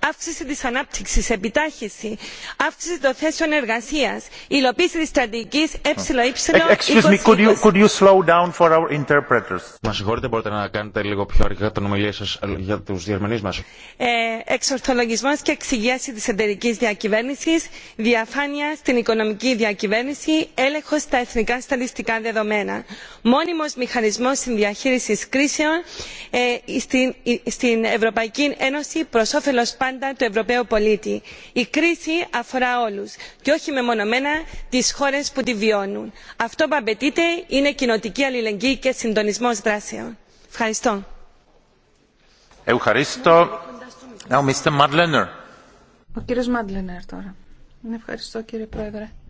αύξηση της ανάπτυξης επιτάχυνση αύξηση των θέσεων εργασίας υλοποίηση της στρατηγικής εε εξορθολογισμός και εξυγίανση της εταιρικής διακυβέρνησης διαφάνεια στην οικονομική διακυβέρνηση έλεγχος στα εθνικά στατιστικά δεδομένα μόνιμος μηχανισμός συνδιαχείρισης κρίσεων στην ευρωπαϊκή ένωση προς όφελο πάντα του ευρωπαίου πολίτη. η κρίση αφορά όλου και όχι μεμονωμένα τι χώρε που τη βιώνουν. αυτό που απαιτείται είναι κοινοτική αλληλεγγύη και συντονισμό δράσεων. ευχαριστώ. Ευχαριστώ. Ο κύριος Μάντλενερ τώρα. Ευχαριστώ κύριε Πρόεδρε.